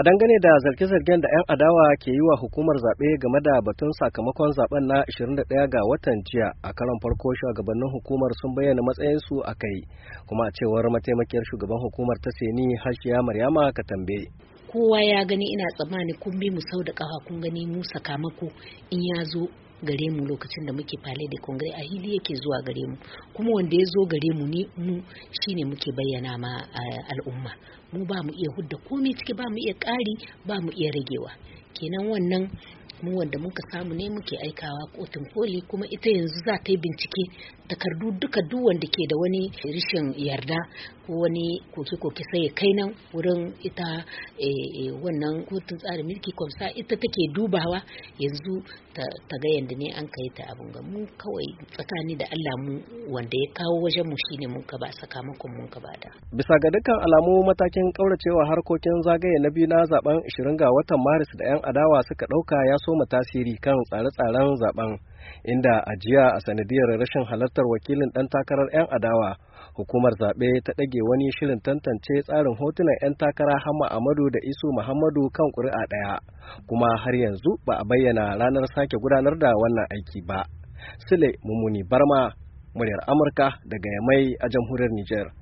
a dangane da zarge-zargen da 'yan adawa ke yi wa hukumar zaɓe game da batun sakamakon zaɓen na 21 ga watan jiya a karon farko shugabannin hukumar sun bayyana matsayinsu a kai kuma a cewar mataimakiyar shugaban hukumar ta seni hashiya maryama ka tambaye. kowa ya gani ina tsammani kun bi mu sau da kafa kun gani mu sakamako in ya zo gare mu lokacin da muke fale da kongre a hili yake zuwa gare mu kuma wanda ya zo gare mu ne mu shine muke bayyana ma eh, al'umma mu ba mu iya hudda komai ciki ba mu iya ƙari ba mu iya ragewa kenan wannan mu wanda muka samu ne muke aikawa kotun koli kuma ita yanzu za ta yi bincike takardu duka duk wanda ke da wani rishin yarda ko wani koke-koke sai ya kai nan wurin ita eh, eh, wannan kotun tsarin mulki kwamsa ita take dubawa yanzu ta ga yanda ne an kai ta abun ga mu kawai tsakani da Allah mu wanda ya kawo wajen mu shine mun ka ba sakamakon mun ka ba da bisa ga dukkan alamu matakin kauracewa harkokin zagaye na biyu na zaben 20 ga watan Maris da yan adawa suka dauka ya so soma tasiri kan tsare-tsaren zaben inda ajiya a sanadiyar rashin halartar wakilin ɗan takarar 'yan adawa hukumar zaɓe ta ɗage wani shirin tantance tsarin hotunan 'yan takara hama amadu da isu muhammadu kan kuri'a ɗaya kuma har yanzu ba a bayyana ranar sake gudanar da wannan aiki ba sule mummuni barma muryar amurka daga yamai a jamhuriyar niger